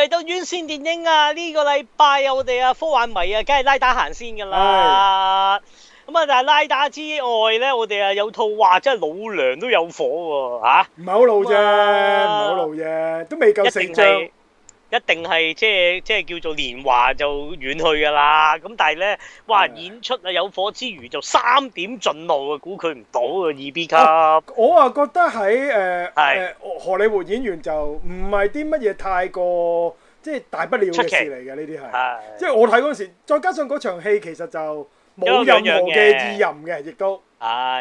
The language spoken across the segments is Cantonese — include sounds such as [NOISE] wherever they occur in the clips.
係都冤先電影啊！呢個禮拜啊，我哋啊科幻迷啊，梗係拉打行先噶啦。咁啊是，但係拉打之外咧，我哋啊有套話即係老娘都有火喎。唔係好老啫，唔係好老啫，都未夠四張。一定係即係即係叫做年華就遠去㗎啦。咁但係咧，哇演出啊有火之餘，就三點盡露了了啊，估佢唔到啊二 B 級。我啊覺得喺誒誒荷里活演員就唔係啲乜嘢太過即係大不了出事嚟嘅呢啲係。即係我睇嗰陣時，再加上嗰場戲其實就冇任何嘅意淫嘅，亦都，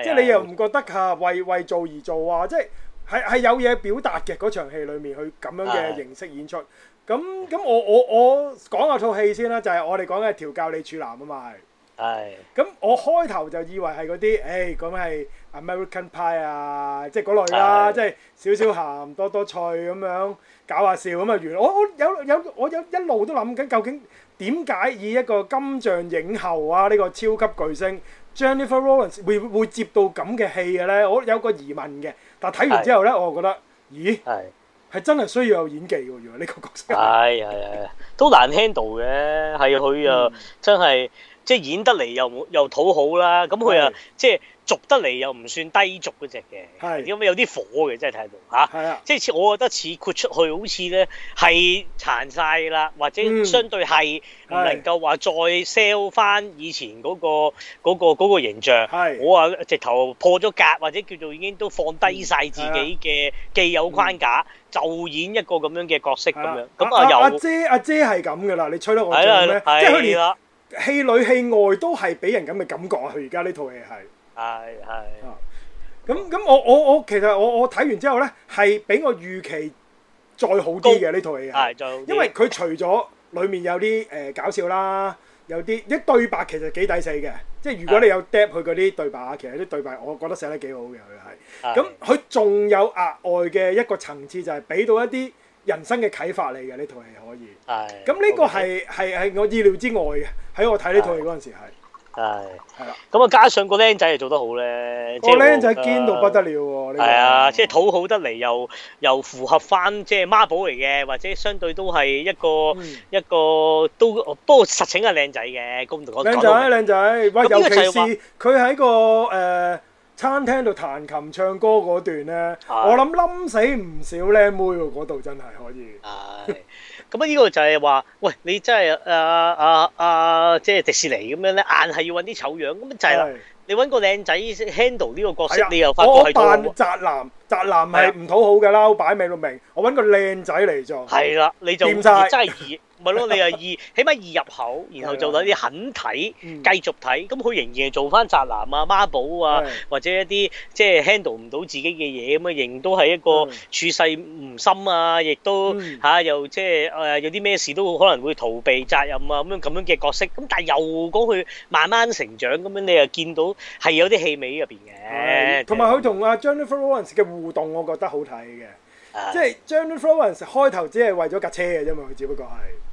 即係你又唔覺得吓為為做而做啊？即係係係有嘢表達嘅嗰場戲裡面去咁樣嘅形式演出的。咁咁我我我講下套戲先啦，就係、係、我哋講緊係調教你處男啊嘛，係。咁的我開頭就以為係嗰啲，誒咁係 American Pie 啊，即係嗰類啦，即係少少鹹多多趣咁樣搞下笑咁啊！原來我我有有我有,有,有一路都諗緊，究竟點解以一個金像影后啊呢、呢個超級巨星 Jennifer Lawrence 會,會接到咁嘅戲嘅咧？我有個疑問嘅。但睇完之後咧，的我就覺得，咦？係。係真係需要有演技喎，原來呢個角色係啊係啊，都難 handle 嘅，係佢啊真係、嗯、即係演得嚟又又討好啦，咁佢啊即係。俗得嚟又唔算低俗嗰隻嘅，咁是有啲火嘅，真係睇到嚇。啊、即係我覺得似豁出去好呢，好似咧係殘晒啦，或者相對係唔能夠話再 sell 翻以前嗰、嗰個嗰、嗰個嗰個嗰個、形象。我話是直頭破咗格，或者叫做已經都放低晒自己嘅既有框架，啊嗯、就演一個咁樣嘅角色咁樣。咁啊，阿阿、啊啊、姐阿姐係咁噶啦，你吹得我做咩？即係佢連戲裏戲外都係俾人咁嘅感覺啊！佢而家呢套戲係。係係，咁咁我我我其實我我睇完之後咧，係比我預期再好啲嘅呢套戲係，因為佢除咗裏面有啲誒、呃、搞笑啦，有啲一對白其實幾抵死嘅，即係如果你有 drop 佢嗰啲對白啊，是其實啲對白我覺得寫得幾好嘅佢係，咁佢仲有額外嘅一個層次就係俾到一啲人生嘅啟發嚟嘅呢套戲可以，咁呢是個係係係我意料之外嘅，喺我睇呢套戲嗰陣時係。係，係啦唉。咁啊的，加上個僆仔又做得好咧。個僆仔堅到不得了喎。係啊，唉嗯、即係討好得嚟，又又符合翻，即係孖寶嚟嘅，或者相對都係一個、嗯、一個都，不過實情係僆仔嘅。講到僆仔啊，僆仔。咁尤其是佢喺個誒、呃、餐廳度彈琴唱歌嗰段咧，的我諗冧死唔少僆妹喎，嗰度真係可以。的咁啊！呢個就係話，喂，你真係啊啊啊，即係迪士尼咁樣咧，硬係要揾啲醜樣，咁就係啦。的你揾個靚仔 handle 呢個角色，的你又發覺我扮宅男，宅男係唔討好嘅啦，的擺明到明。我揾個靚仔嚟做。係啦，你就變巧真係二。 [LAUGHS] 咪咯， [LAUGHS] 你又易，起碼易入口，然後做到啲肯睇，繼吧續睇，咁佢仍然做翻宅男啊、孖寶啊，是或者一啲即係 handle 唔到自己嘅嘢咁啊，仍都係一個處世唔深啊，亦 [LAUGHS] 是都嚇、啊、又即係誒、呃、有啲咩事都可能會逃避責任啊咁樣咁樣嘅角色。咁但係又講佢慢慢成長咁樣，你又見到係有啲戲味入邊嘅。同埋佢是同阿 Jennifer Lawrence 嘅互動，我覺得好睇嘅。即係、嗯、Jennifer Lawrence 開頭只係為咗架車嘅啫嘛，佢只不過係。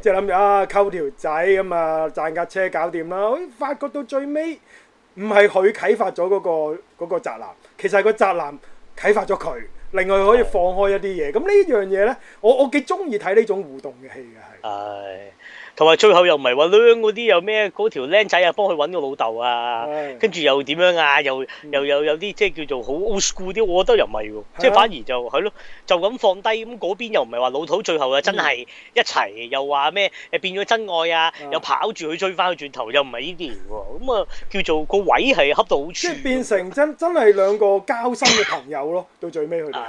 即係諗住啊，溝條仔咁啊，賺架車搞掂啦！我發覺到最尾、那個，唔係佢啟發咗嗰個個宅男，其實係個宅男啟發咗佢。另外可以放開一啲嘢。咁呢的樣嘢呢，我我幾中意睇呢種互動嘅戲嘅係。話最後又唔係話孭嗰啲又咩？嗰條僆仔啊，幫佢揾個老豆啊，跟住是的 又點樣啊？又又又有啲即係叫做好 old school 啲，我覺得又唔係喎，的即係反而就係咯，就咁放低咁嗰邊又唔係話老土，最後啊真係一齊是的 又話咩？誒變咗真愛啊是的，又跑住佢追翻去轉頭又唔係呢啲喎，咁、嗯、啊、嗯嗯、叫做個位係恰到好處，即係變成真真係兩個交心嘅朋友咯， [LAUGHS] 到最尾佢哋係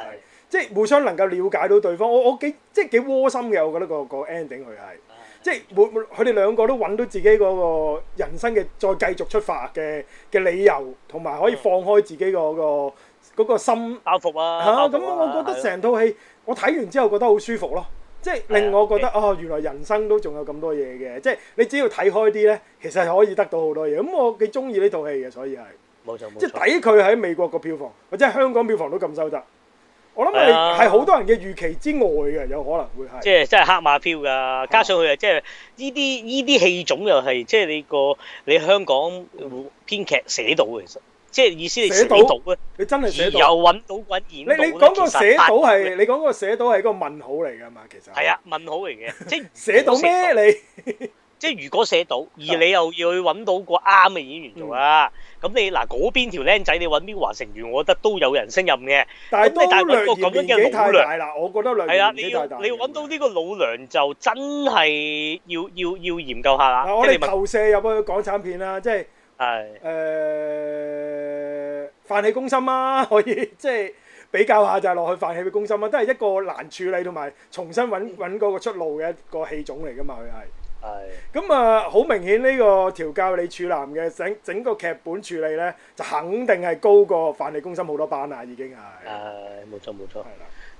即係互相能夠了解到對方，我我幾即係幾窩心嘅，我覺得個個 ending 佢係。即係每佢哋兩個都揾到自己嗰個人生嘅再繼續出發嘅嘅理由，同埋可以放開自己、嗰個個嗰、嗰個心包袱、嗯、啊咁我覺得成套戲我睇完之後覺得好舒服咯，即係令我覺得、哎 okay. 哦，原來人生都仲有咁多嘢嘅，即係你只要睇開啲呢，其實係可以得到好多嘢。咁、嗯、我幾中意呢套戲嘅，所以係冇錯冇錯，即係抵佢喺美國個票房，或者香港票房都咁收得。我諗係係好多人嘅預期之外嘅，有可能會係。即係真係黑馬票噶，加上佢啊，即係呢啲呢啲戲種又係，即係你個你香港編劇寫到，其實即係意思你寫到咧，你真係寫到，又搵到搵演到。你你講個寫到係你講個寫到係一個問號嚟噶嘛？其實係啊，問號嚟嘅，即係寫到咩你？ [LAUGHS] 即係如果寫到，而你又要去揾到個啱嘅演員做啦。咁、嗯、你嗱嗰邊條僆仔，你揾邊華成員，我覺得都有人勝任嘅。但係多兩個年紀太大啦，我覺得係啊。你要你揾到呢個老娘，就真係要要要研究下啦、啊。我哋投射入去港產片啦，即係誒《飯、呃、氣攻心》啊，可以即係比較下就係落去《飯氣》嘅《攻心》啊，都係一個難處理同埋重新揾揾嗰個出路嘅一個戲種嚟噶嘛，佢係。係，咁啊、嗯，好明顯呢個調教你處男嘅整整個劇本處理咧，就肯定係高過《反賊攻心》好多班啦，已經係。係、哎，冇錯冇錯。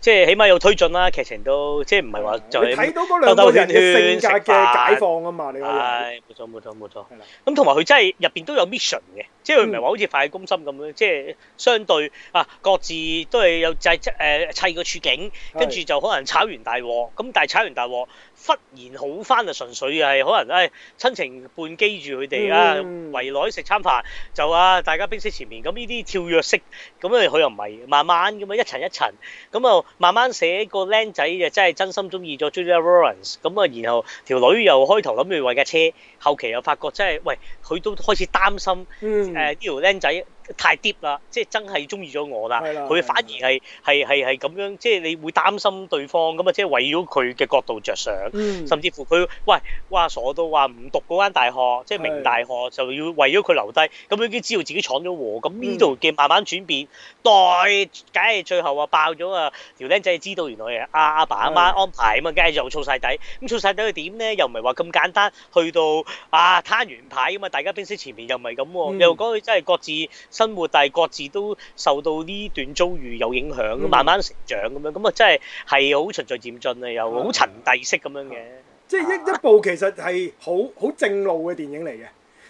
即係起碼有推進啦、啊，劇情都即係唔係話就係睇到嗰兩個人性格嘅解放啊嘛？你覺得冇錯冇錯冇錯。咁同埋佢真係入邊都有 mission 嘅，即係佢唔係話好似《快公心》咁樣，即係相對啊，各自都係有製誒砌個處境，跟住的就可能炒完大鑊，咁的但係炒完大鑊忽然好翻就純粹係可能誒親情伴機住佢哋啊，嗯、圍內食餐飯就啊大家冰釋前面咁，呢啲跳躍式咁，佢又唔係慢慢咁樣一層一層咁啊～慢慢寫、那個靚仔就真係真心中意咗 Jennifer Lawrence 咁啊，然後條女又開頭諗住為架車，後期又發覺真係，喂，佢都開始擔心誒呢條僆仔。嗯呃這個太 deep 啦，即係真係中意咗我啦，佢反而係係係係咁樣，即係你會擔心對方咁啊，即係為咗佢嘅角度着想，嗯、甚至乎佢喂，哇傻到話唔讀嗰間大學，即係名大學的就要為咗佢留低，咁佢已經知道自己闖咗禍。咁呢度嘅慢慢轉變，代梗係最後話爆咗啊！條僆仔知道原來阿阿、啊、爸阿媽、媽安排啊嘛，梗係又錯晒底。咁錯晒底佢點咧？又唔係話咁簡單，去到啊攤完牌啊嘛，大家冰釋前面又唔係咁喎，又講佢真係各自。生活，但係各自都受到呢段遭遇有影響，慢慢成長咁樣，咁啊，真係係好循序漸進啊，又好層遞式咁樣嘅，即係一一部其實係好好正路嘅電影嚟嘅。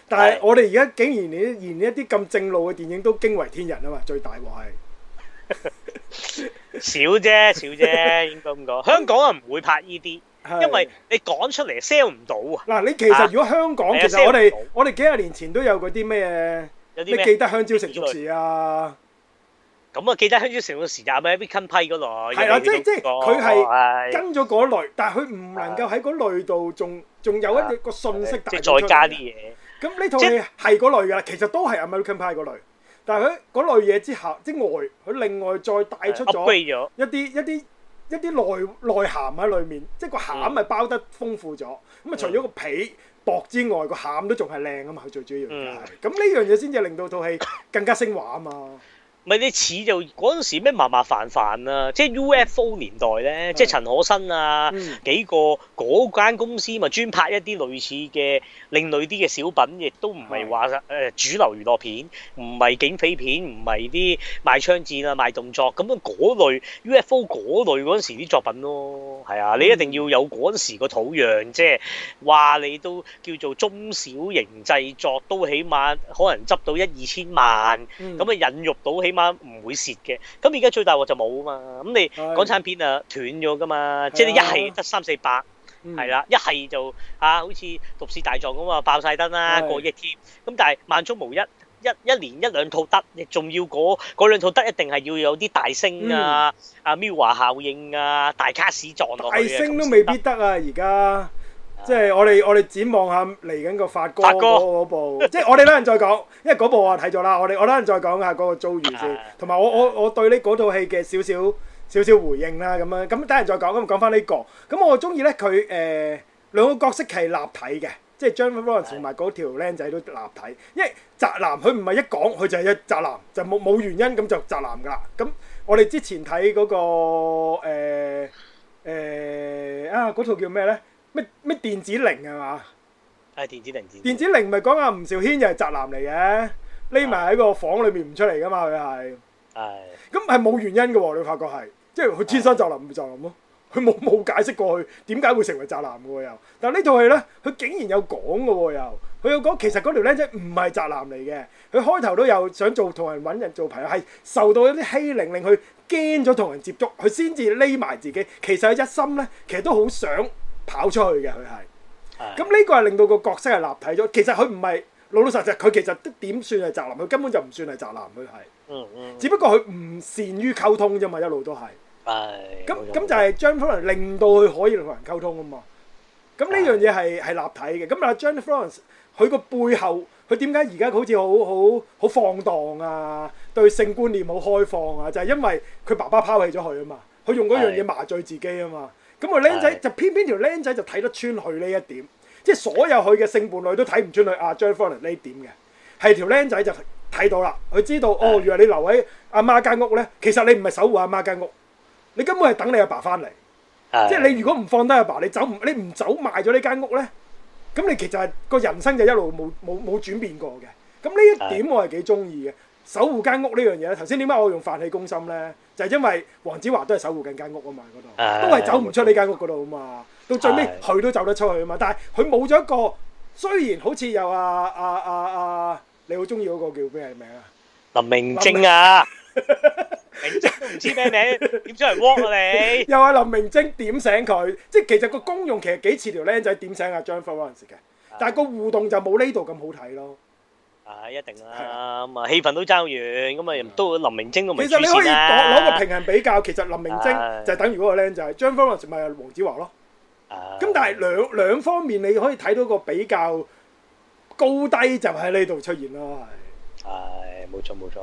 但係我哋而家竟然連連一啲咁正路嘅電影，都驚為天人啊嘛！最大鑊係少啫，少啫，應該咁講。香港啊，唔會拍呢啲，因為你講出嚟 sell 唔到啊。嗱，你其實如果香港，其實我哋我哋幾廿年前都有嗰啲咩？有啲咩？你記得香蕉成熟時啊？咁啊，記得香蕉成熟時就 American Pie 嗰類。係啦，即即佢係跟咗嗰類，但係佢唔能夠喺嗰類度仲仲有一個信息帶出嚟。即再加啲嘢。咁呢套嘢係嗰類噶，其實都係 American Pie 嗰類。但係佢嗰類嘢之下，之外佢另外再帶出咗一啲一啲一啲內內涵喺裏面。即個餡咪包得豐富咗。咁啊，除咗個皮薄之外，個餡都仲係靚啊嘛，佢最主要一、嗯、樣嘢。咁呢樣嘢先至令到套戲更加昇華啊嘛。咪你似就嗰陣時咩麻麻煩煩啊，即係 UFO 年代咧，是的 即係陳可辛啊、嗯、幾個嗰間公司咪專拍一啲類似嘅另類啲嘅小品，亦都唔係話誒主流娛樂片，唔係警匪片，唔係啲賣槍戰啊賣動作咁樣嗰類 UFO 嗰類，嗰陣時啲作品咯，係啊，你一定要有嗰陣時個土壤，嗯、即係話你都叫做中小型製作，都起碼可能執到一二千萬咁啊、嗯嗯、引入到起。今晚唔會蝕嘅，咁而家最大鑊就冇啊嘛，咁你港產片啊斷咗噶嘛，的即係一係得三四百，係啦的、嗯，一係就啊，好似毒舌大狀咁啊，爆晒燈啦，的過億添，咁但係萬中無一，一一年一,一兩套得，你仲要嗰兩套得一定係要有啲大聲啊，阿 Mirror 效應啊，大卡士撞落去、啊，大聲都未必得啊而家，即係我哋我哋展望下嚟緊個發哥嗰部，即係我哋等陣再講，因為嗰部我睇咗啦。我哋我等陣再講下嗰個遭遇先，同埋我我我對呢套戲嘅少少少少回應啦咁樣。咁等陣再講，咁講翻呢個。咁我中意咧，佢誒，兩個角色係立體嘅，即係 Jennifer Lawrence 同埋嗰條僆仔都立體。因為宅男佢唔係一講佢就係一宅男，就冇冇原因咁就宅男噶啦。咁我哋之前睇嗰個誒誒啊嗰套叫咩咧？咩咩電子鈴，係嘛？係電子鈴，電子鈴唔係講阿吳兆軒又係宅男嚟嘅，匿埋喺個房裏面唔出嚟噶嘛？佢係係咁係冇原因嘅。你發覺係即係佢天生就咁就咁咯，佢冇冇解釋過去點解會成為宅男嘅又。但係呢套戲咧，佢竟然有講嘅又，佢有講其實嗰條靚仔唔係宅男嚟嘅。佢開頭都有想做同人揾人做朋友，係受到一啲欺凌，令佢驚咗同人接觸，佢先至匿埋自己。其實佢一心咧，其實都好想。跑出去嘅佢係，咁呢個係令到個角色係立體咗。其實佢唔係老老實實，佢其實點算係宅男？佢根本就唔算係宅男，佢係。只不過佢唔善於溝通啫嘛，一路都係。係。咁咁就係 Jennifer Lawrence 令到佢可以同人溝通啊嘛。咁呢樣嘢係係立體嘅。咁啊 Jennifer Lawrence 佢個背後，佢點解而家好似好好放蕩啊？對性觀念好開放啊？就係因為佢爸爸拋棄咗佢啊嘛。佢用嗰樣嘢麻醉自己啊嘛。咁啊，僆仔就偏偏條僆仔就睇得穿佢呢一點，即係所有佢嘅性伴侶都睇唔穿佢啊，Jennifer 呢點嘅係條僆仔就睇到啦，佢知道哦，原來你留喺阿媽間屋咧，其實你唔係守護阿媽間屋，你根本係等你阿爸翻嚟。啊、即係你如果唔放低阿爸，爸，你走唔你唔走賣咗呢間屋咧，咁你其實係個人生就一路冇冇冇轉變過嘅。咁呢一點我係幾中意嘅。守護間屋呢樣嘢咧，頭先點解我用發氣攻心咧？就係因為黃子華都係守護緊間屋啊嘛，嗰度都係走唔出呢間屋嗰度啊嘛。到最尾佢都走得出去啊嘛，但係佢冇咗一個，雖然好似有阿阿阿阿，你好中意嗰個叫咩名啊？林明晶啊，明晶都唔知咩名，點知人屈你？又話林明晶點醒佢，即係其實個功用其實幾似條僆仔點醒阿張嗰陣時嘅，但係個互動就冇呢度咁好睇咯。啊，一定啦！咁啊，氣、啊、氛都爭完，咁啊，都林明晶咁、啊。其實你可以攞攞個平衡比較，啊、其實林明晶就等於嗰個靚仔，張峰同埋黃子華咯。咁、啊、但係兩兩方面，你可以睇到個比較高低就喺呢度出現啦。係，係冇錯冇錯。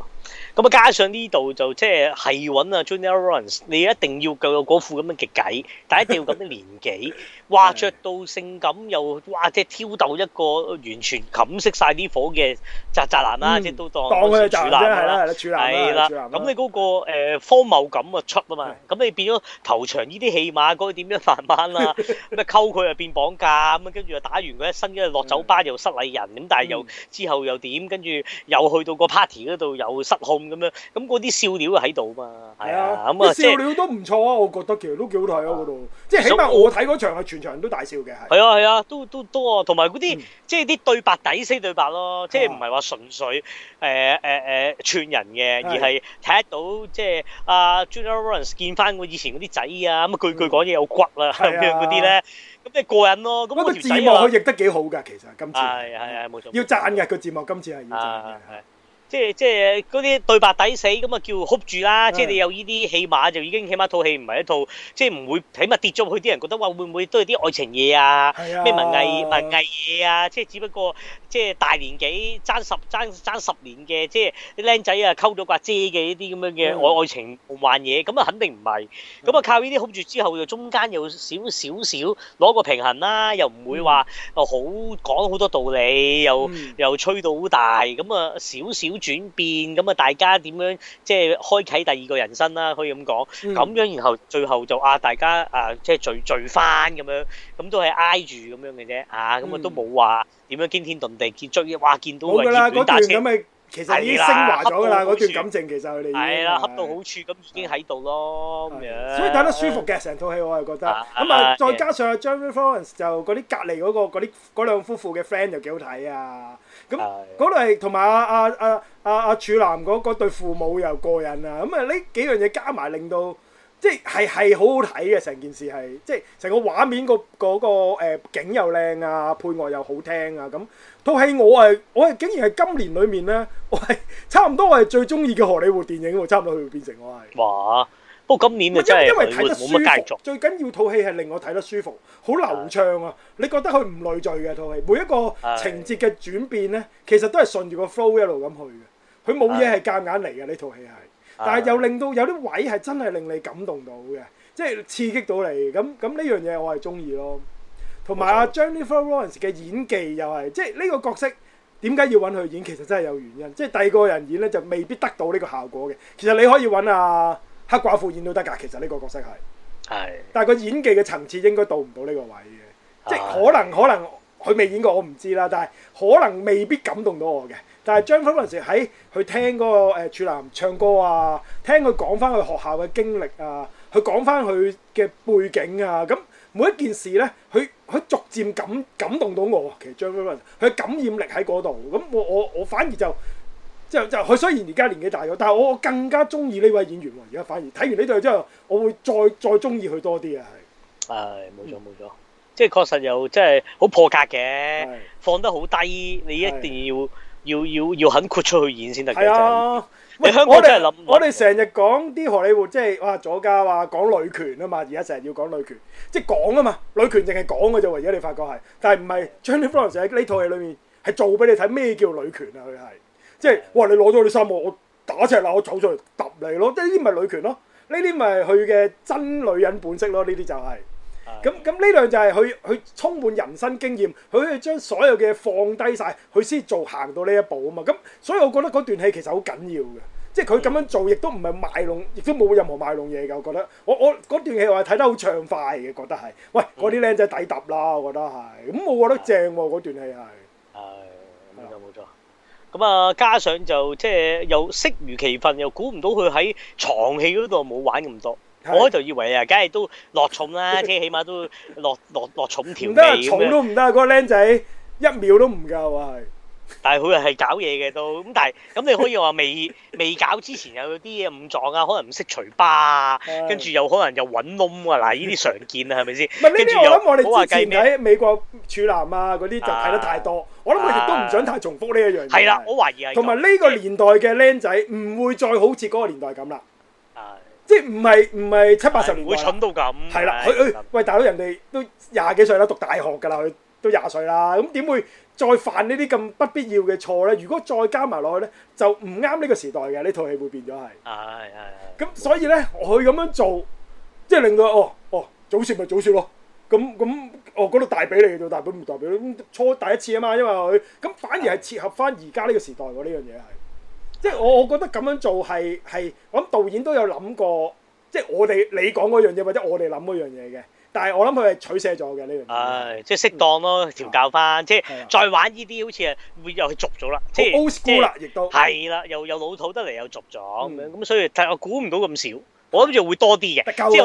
咁啊，哎、加上呢度就即係、就、係、是、要搵啊，Junior Lawrence，你一定要夠有嗰副咁樣嘅計，但係一定要咁嘅年紀。 [LAUGHS] 哇！着到性感又哇，即係挑逗一個完全冚熄晒啲火嘅宅宅男啦，即係都當佢處男啦，係啦，咁你嗰個誒荒謬感啊出啊嘛，咁你變咗頭場呢啲戲碼嗰個點樣慢慢啦，咩溝佢又變綁架咁啊，跟住又打完佢一身，跟住落酒吧又失禮人，咁但係又之後又點，跟住又去到個 party 嗰度又失控咁樣，咁嗰啲笑料喺度嘛，係啊，咁啊笑料都唔錯啊，我覺得其實都幾好睇啊嗰度，即係起碼我睇嗰場係全場都大笑嘅係，係啊係啊，都都都啊，同埋嗰啲即係啲對白抵死對白咯，即係唔係話純粹誒誒誒串人嘅，而係睇得到即係阿 General Warren 見翻我以前嗰啲仔啊，咁啊句句講嘢有骨啦咁樣嗰啲咧，咁即係過癮咯。咁個字幕佢譯得幾好㗎，其實今次係係係冇錯，要讚㗎個字幕今次係。即係即係嗰啲對白抵死，咁啊叫 hold 住啦。即係你有呢啲戲碼，就已經起碼套戲唔係一套，即係唔會起碼跌咗去。啲人覺得話，會唔會都係啲愛情嘢啊？咩文藝文藝嘢啊？即係只不過即係大年紀爭十爭爭十年嘅，即係啲靚仔啊溝咗個阿姐嘅呢啲咁樣嘅愛愛情幻嘢，咁啊肯定唔係。咁啊靠呢啲 hold 住之後，就中間有少少少攞個平衡啦，又唔會話哦好講好多道理，又又吹到好大，咁啊少少。轉變咁啊！大家點樣即係開啟第二個人生啦？可以咁講，咁樣然後最後就啊，大家啊即係聚聚返咁樣，咁都係挨住咁樣嘅啫啊！咁啊、嗯、都冇話點樣驚天動地見追哇！見到冇㗎啦，嗰了段咁、咪其實已經昇華咗㗎喇，嗰段感情其實佢哋係啦，恰到好處咁已經喺度咯，咁樣所以睇得舒服嘅成套戲我係覺得，咁啊再加上 Jennifer Lawrence 就嗰啲隔離嗰個嗰啲嗰兩夫婦嘅 friend 又幾好睇啊，咁嗰度係同埋阿阿阿阿阿處男嗰嗰對父母又過癮啊，咁啊呢幾樣嘢加埋令到即係係好好睇嘅成件事係即係成個畫面個個個誒景又靚啊，配樂又好聽啊咁。套戲我係我係竟然係今年裏面咧，我係差唔多我係最中意嘅荷里活電影，我差唔多佢會變成我係。哇！不過今年啊真係荷里活冇繼續。最緊要套戲係令我睇得舒服，好流暢啊！的你覺得佢唔累贅嘅套戲，每一個情節嘅轉變咧，其實都係順住個 flow 一路咁去嘅。佢冇嘢係夾硬嚟嘅，呢套戲係，但係又令到有啲位係真係令你感動到嘅，即係刺激到你。咁咁呢樣嘢我係中意咯。同埋阿 Jennifer Lawrence 嘅演技又係，即係呢個角色點解要揾佢演？其實真係有原因，即係第二個人演咧就未必得到呢個效果嘅。其實你可以揾阿、啊、黑寡婦演都得㗎，其實呢個角色係，係的，但係佢演技嘅層次應該到唔到呢個位嘅，的即係可能可能佢未演過我唔知啦，但係可能未必感動到我嘅。但係 Jennifer Lawrence 喺佢聽嗰、那個誒、呃、處男唱歌啊，聽佢講翻佢學校嘅經歷啊，佢講翻佢嘅背景啊，咁。每一件事咧，佢佢逐漸感感動到我。其實 Jennifer，佢感染力喺嗰度。咁我我我反而就即係就佢雖然而家年紀大咗，但係我我更加中意呢位演員喎。而家反而睇完呢對之後，我會再再中意佢多啲啊！係、哎，係冇錯冇、嗯、錯，即係確實又即係好破格嘅，的放得好低，你一定要的要要要，要肯豁出去演先得嘅。的的的想想的我哋我哋成日講啲荷里活，即係哇左家話講女權啊嘛，而家成日要講女權，即係講啊嘛。女權淨係講嘅咋，而家你發覺係，但係唔係。Jennifer Lawrence 喺呢套戲裏面係做俾你睇咩叫女權啊？佢係即係哇！你攞咗你衫我，我打赤佬我走出嚟揼你咯，即係呢啲咪女權咯？呢啲咪佢嘅真女人本色咯？呢啲就係、是。咁咁呢兩就係佢佢充滿人生經驗，佢去將所有嘅放低晒，佢先做行到呢一步啊嘛！咁所以我覺得嗰段戲其實好緊要嘅，即係佢咁樣做亦都唔係賣弄，亦都冇任何賣弄嘢嘅。我覺得，我我嗰段戲我係睇得好暢快嘅，覺得係，喂嗰啲靚仔抵揼啦，我覺得係，咁我覺得正喎嗰段戲係。係冇錯冇錯，咁啊的、嗯嗯、加上就即係、就是、又適如其分，又估唔到佢喺床戲嗰度冇玩咁多。我就以為啊，梗係都落重啦，即係起碼都落落落重條尾咩重都唔得啊！嗰個僆仔一秒都唔夠啊！但係佢又係搞嘢嘅都咁，但係咁你可以話未未搞之前有啲嘢誤撞啊，可能唔識除疤啊，跟住有可能又搵窿啊，嗱呢啲常見啊，係咪先？唔係呢我諗我哋之前睇美國處男啊嗰啲就睇得太多，我諗佢亦都唔想太重複呢一樣嘢。係啦，我懷疑係。同埋呢個年代嘅僆仔唔會再好似嗰個年代咁啦。啊。即係唔係唔係七八十年會蠢到咁係啦，佢佢喂大佬，人哋都廿幾歲啦，讀大學㗎啦，佢都廿歲啦，咁點會再犯呢啲咁不必要嘅錯咧？如果再加埋落去咧，就唔啱呢個時代嘅呢套戲會變咗係。係係、啊。咁、啊啊啊、所以咧，佢咁樣做，即係令到哦哦，早説咪早説咯。咁、嗯、咁、嗯，哦嗰度、那個、大髀你，嘅，大髀唔代表初第一次啊嘛，因為佢咁反而係切合翻而家呢個時代嘅呢樣嘢係。這個即係我，我覺得咁樣做係係，我諗導演都有諗過，即係我哋你講嗰樣嘢，或者我哋諗嗰樣嘢嘅。但係我諗佢係取捨咗嘅呢樣嘢。誒、啊，即係適當咯，嗯、調教翻，啊、即係再玩呢啲好似啊，會又去俗咗啦，old school 即係即係亦都係啦，又又老土得嚟又俗咗咁樣，咁、嗯、所以但我估唔到咁少。我諗住會多啲嘅，即係一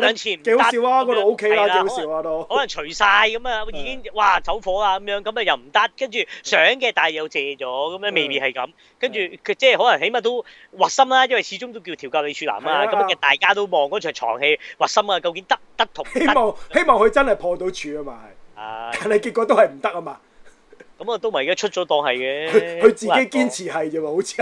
兩次唔得，幾好笑啊！度 O K 啦，幾好笑啊都。可能除曬咁啊，已經哇走火啦咁樣，咁啊又唔得，跟住想嘅，但係又借咗，咁樣未必係咁。跟住佢即係可能起碼都挖心啦，因為始終都叫調教李處男啊，咁嘅大家都望嗰場床戲挖心啊，究竟，得得同希望希望佢真係破到處啊嘛，但係結果都係唔得啊嘛。咁啊都唔係而家出咗檔係嘅，佢自己堅持係啫嘛，好似。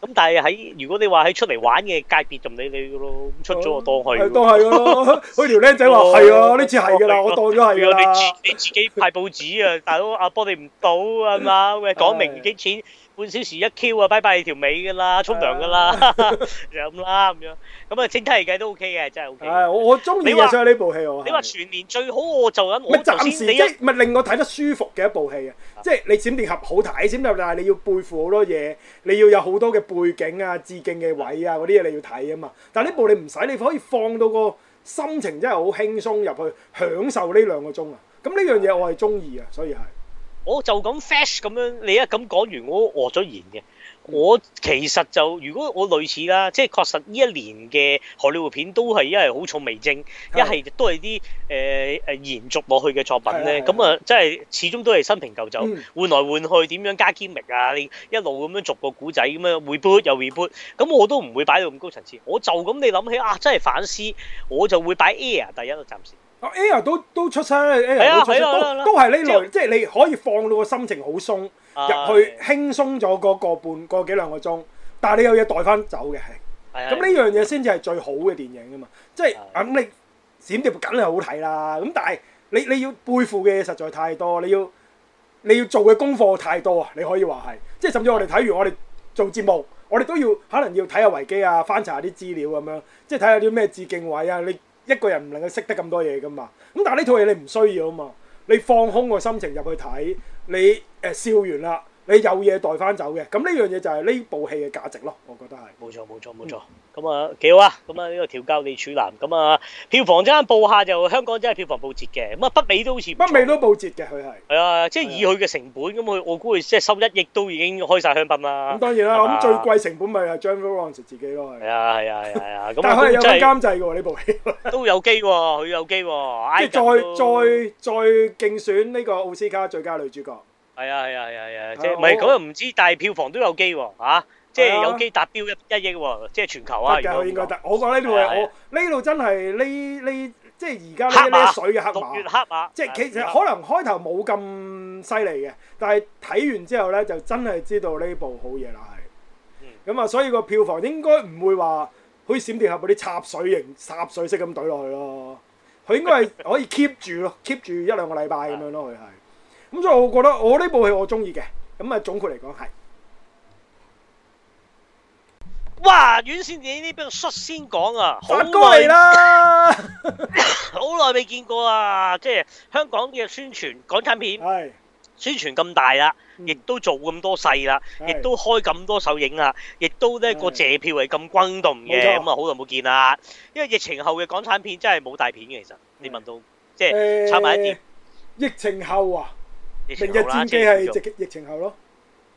咁但係喺如果你話喺出嚟玩嘅界別就唔理你咯，出咗就當去、哦嗯，都當係咯，我條僆仔話係啊，呢、哦、次係㗎啦，當我當咗係啊，你，你自己派報紙啊，大佬啊幫你唔到啊嘛，講 [LAUGHS] 明幾錢。哎半小時一 Q 啊，拜拜你條尾噶啦，沖涼噶啦，就咁 [LAUGHS] 啦咁樣。咁啊整體嚟計都 OK 嘅，真係 OK。係，我我中意。你話呢部戲，我你話全年最好，我就緊。是我係剛暫時有即係，唔係令我睇得舒服嘅一部戲啊！即係你閃電俠好睇，閃電俠你要背負好多嘢，你要有好多嘅背景啊、致敬嘅位啊嗰啲嘢你要睇啊嘛。但係呢部你唔使，你可以放到個心情真係好輕鬆入去，享受呢兩個鐘啊。咁呢樣嘢 [LAUGHS] 我係中意啊，所以係。我就咁 flash 咁樣 fl，你一咁講完，我惡咗言嘅。我其實就如果我類似啦，即係確實呢一年嘅荷里活片都係一係好重味精，是是一係都係啲誒誒延續落去嘅作品咧。咁啊，即係始終都係新瓶舊酒，嗯、換來換去，點樣加 gimmick 啊？你一路咁樣逐個古仔，咁樣 reboot 又 reboot 咁我都唔會擺到咁高層次。我就咁，你諗起啊，真係反思，我就會擺 air 第一，暫時。Air 都都出聲，Air 都出 Air 都出、啊啊、都係呢類，即係你可以放到個心情好鬆入、啊、去，輕鬆咗個,個半個幾兩個鐘。但係你有嘢袋翻走嘅，係咁呢樣嘢先至係最好嘅電影啊嘛！即係咁，你《閃蝶》梗係好睇啦。咁但係你你要背負嘅嘢實在太多，你要你要做嘅功課太多啊！你可以話係，即係甚至我哋睇完我哋做節目，我哋都要可能要睇下維基啊，翻查下啲資料咁、啊、樣，即係睇下啲咩致敬位啊，你。一個人唔能夠識得咁多嘢噶嘛，咁但係呢套嘢你唔需要啊嘛，你放空個心情入去睇，你誒、呃、笑完啦。你有嘢袋翻走嘅，咁呢樣嘢就係呢部戲嘅價值咯，我覺得係。冇錯冇錯冇錯，咁啊幾好啊，咁啊呢個調教你處男，咁啊票房真係報下就香港真係票房報捷嘅，咁啊北美都好似，北美都報捷嘅佢係。係啊，即係以佢嘅成本，咁佢、啊、我估佢即係收一億都已經開晒香檳啦。咁當然啦，咁吧最貴成本咪係 Jennifer Lawrence 自己咯。係啊係啊係啊，啊，但係佢、嗯、有監製嘅喎呢部戲， [LAUGHS] 都有機喎，佢有機喎，即係再再再競選呢個奧斯卡最佳女主角？係啊係啊係啊係啊，啊啊啊即係唔係咁又唔知，但係票房都有機喎、啊，即係有機達標一一億喎，即係全球得啊。應該應該得，我講呢度係我呢度真係呢呢，即係而家呢呢水嘅黑馬，黑馬，黑馬即係、啊啊、其實可能開頭冇咁犀利嘅，但係睇完之後咧就真係知道呢部好嘢啦，係。咁啊、嗯，所以個票房應該唔會話好似閃電俠嗰啲插水型、插水式咁懟落去咯，佢應該係可以 keep 住咯 [LAUGHS] ，keep 住一兩個禮拜咁樣咯，佢係。咁所以，我覺得我呢部戲我中意嘅。咁啊，總括嚟講係，哇！院線電影呢邊率先講啊，好耐啦，好耐未見過啊！即係香港嘅宣傳港產片，宣傳咁大啦，亦都做咁多勢啦，亦都開咁多首映啦，亦都呢個謝票係咁轟動嘅。咁啊是，好耐冇見啦。因為疫情後嘅港產片真係冇大片嘅，其實是你問到即係炒埋一啲。疫情後啊～成日戰記係直擊疫情後咯，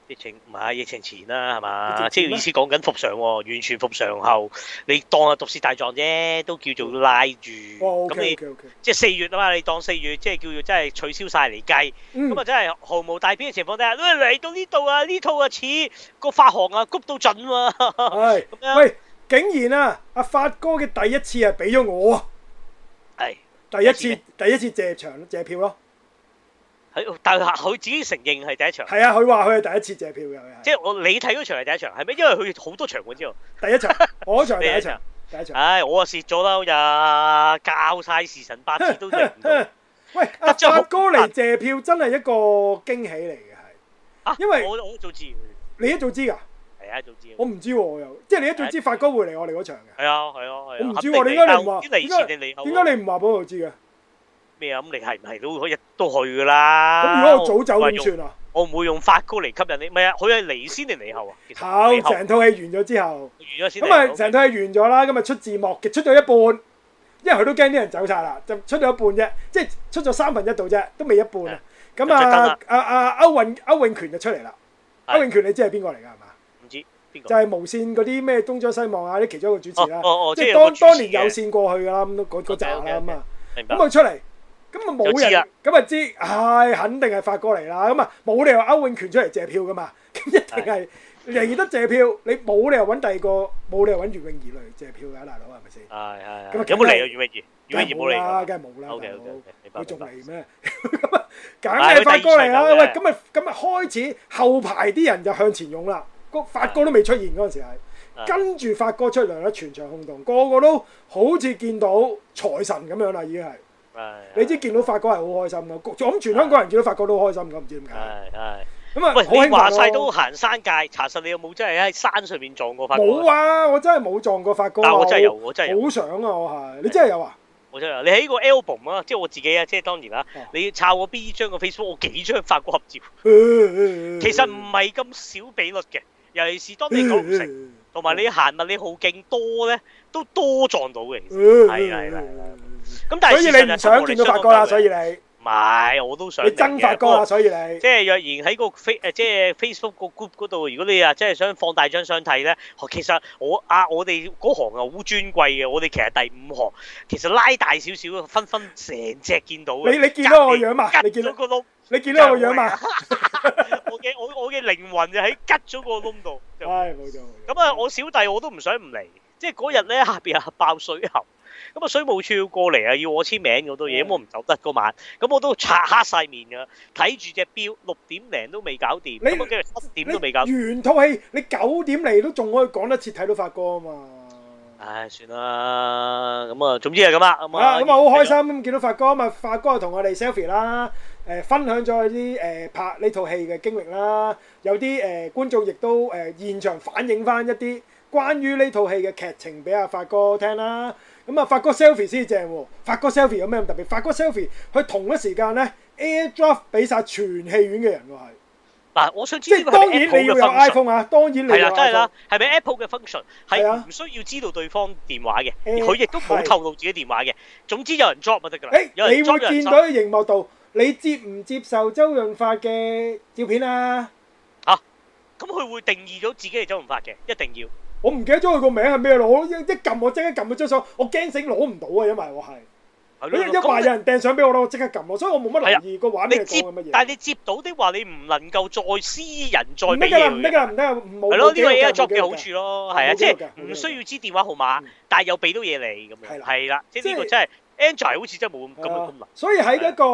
疫情唔係、啊、疫情前啦、啊，係嘛？即係意思講緊復常喎，完全復常後，你當係毒士大狀啫，都叫做拉住。咁、哦 okay, okay, okay. 你即係四月啊嘛，你當四月即係、就是、叫做真係取消晒嚟計。咁啊、嗯、真係毫無大片嘅情況底下，嚟到呢度啊，呢套啊似個發行啊谷到准啊。係 [LAUGHS] 是，樣喂，竟然啊，阿發哥嘅第,是第,第一次啊，俾咗我係第一次，第一次借場借票咯。佢但係佢自己承認係第一場。係啊，佢話佢係第一次借票嘅，即係我你睇嗰場係第一場，係咩？因為佢好多場館知道。第一場，我場第一場，第一場。唉，我啊蝕咗啦，就教晒時辰八字都贏唔到。喂，阿發哥嚟借票真係一個驚喜嚟嘅，係啊，因為我我早知，你一早知噶？係啊，早知。我唔知喎，我又即係你一早知發哥會嚟我哋嗰場嘅。係啊，係啊！係。我唔知，我點解你唔話？點解你唔話俾我知嘅？咁你係唔係都可一都去噶啦？咁如果我早走點算啊？我唔會用發哥嚟吸引你，唔係啊，佢係嚟先定嚟後啊？好，成套戲完咗之後，完咗先。咁啊，成套戲完咗啦，咁啊出字幕嘅，出咗一半，因為佢都驚啲人走晒啦，就出咗一半啫，即係出咗三分一度啫，都未一半啊。咁啊，阿阿歐永歐永權就出嚟啦。歐永權你知係邊個嚟噶係嘛？唔知邊個？就係無線嗰啲咩東張西望啊啲其中一個主持啦。即係當當年有線過去噶啦，咁都嗰嗰集啊咁啊。明白。咁佢出嚟。咁啊冇人，咁啊知，唉，肯定係發哥嚟啦。咁啊，冇理由歐永權出嚟借票噶嘛，一定係仍然得借票。你冇理由揾第二個，冇理由揾袁詠儀嚟借票嘅，大佬係咪先？係係。有冇嚟啊？袁詠儀？袁詠儀冇嚟啦，梗係冇啦。O K O K，佢仲嚟咩？咁啊，梗係發哥嚟啦。喂，咁啊，咁啊，開始後排啲人就向前湧啦，個發哥都未出現嗰陣時係，跟住發哥出嚟啦，全場轟動，個個都好似見到財神咁樣啦，已經係。你知見到發哥係好開心咯，咁全香港人見到發哥都好開心噶，唔知點解。係係咁啊，話晒都行山界。查實你有冇真係喺山上面撞過發哥？冇啊，我真係冇撞過發哥。但我真係有，我真係有。好想啊，我係你真係有啊？我真係有你喺個 album 啊，即係我自己啊，即係當年啊，你抄我 B 張個 Facebook，我幾張發哥合照。其實唔係咁少比率嘅，尤其是當你講唔成，同埋你行物，你好勁多咧，都多撞到嘅。其實係係啦。咁但係所以你唔想見到發哥啦，所以你唔係，我都想你憎發哥啦，所以你即係若然喺個 face 誒，即係 Facebook 個 group 嗰度，如果你啊，即係想放大張相睇咧，其實我啊，我哋嗰行啊好尊貴嘅，我哋其實第五行其實拉大少少，分分成隻見到你，你見到我樣嘛？你見到個窿？你見到我樣嘛？我嘅我我嘅靈魂就喺吉咗個窿度，咁啊，我小弟我都唔想唔嚟，即係嗰日咧下邊啊爆水喉。咁啊！水務處要過嚟啊，要我簽名嗰啲嘢，咁我唔走得嗰晚。咁我都擦黑曬面噶，睇住隻表六點零都未搞掂，咁啊，七點都未搞掂完套戲。你九點嚟都仲可以講得切睇到發哥啊嘛。唉，算啦。咁啊，總之係咁啦。咁啊，咁啊，好開心，見到發哥啊嘛。發哥同我哋 selfie 啦，誒，分享咗啲誒拍呢套戲嘅經歷啦。有啲誒觀眾亦都誒現場反映返一啲關於呢套戲嘅劇情俾阿發哥聽啦。咁啊，發個 selfie 先正喎！發個 selfie 有咩咁特別？發個 selfie 佢同一時間咧 air drop 俾晒全戲院嘅人喎係。嗱、啊，我想知即係當然你要有 iPhone 啊，當然你係啦、啊，真係啦，係咪 Apple 嘅 function 係唔需要知道對方電話嘅，佢亦都冇透露自己電話嘅。欸、總之有人 drop 咪得咯。誒、欸，有有人。你會見到熒幕度，你接唔接受周潤發嘅照片啊？嚇！咁佢會定義咗自己係周潤發嘅，一定要。我唔記得咗佢個名係咩咯？我一一撳，我即刻撳佢張相，我驚醒攞唔到啊！因為我係，你一話有人掟相俾我啦，我即刻撳我，所以我冇乜留意個玩咩嘢。你接，但係你接到的話，你唔能夠再私人再俾嘢佢。唔得啊！唔得啊！係咯，呢個嘢係 j 嘅好處咯，係啊，即係唔需要知電話號碼，但係又俾到嘢你咁樣。係啦，即係呢個真係，Andrew 好似真係冇咁咁。所以喺一個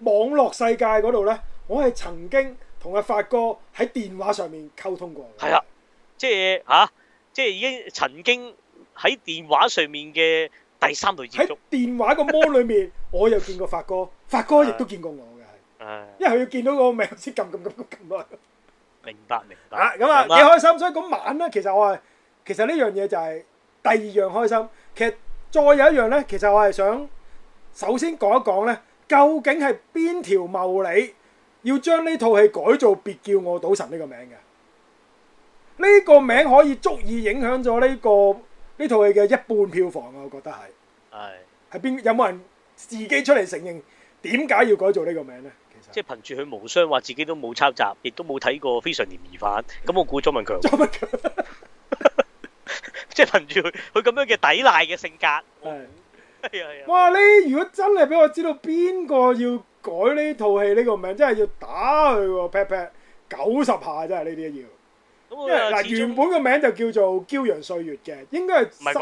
網絡世界嗰度咧，我係曾經同阿發哥喺電話上面溝通過。係啊，即係嚇。即係已經曾經喺電話上面嘅第三度，喺電話個魔裏面，我又見過發哥，發哥亦都見過我嘅係，因為佢要見到個名先撳撳撳撳撳落。明白明白，咁啊幾開心，所以嗰晚咧，其實我係其實呢樣嘢就係第二樣開心。其實再有一樣咧，其實我係想首先講一講咧，究竟係邊條茂利要將呢套戲改做別叫我賭神呢個名嘅？呢個名可以足以影響咗呢個呢套戲嘅一半票房啊！我覺得係係係邊有冇人自己出嚟承認點解要改做呢個名咧？其實即係憑住佢無雙話自己都冇抄襲，亦都冇睇過《非常嫌疑犯》，咁我估咗問佢，估乜？即係憑住佢佢咁樣嘅抵賴嘅性格係係啊！ [LAUGHS] [LAUGHS] [LAUGHS] 哇！你如果真係俾我知道邊個要改呢套戲呢個名，真係要打佢個 pat pat 九十下，真係呢啲要。嗱，原本個名就叫做《驕陽歲月》嘅，應該係三，唔係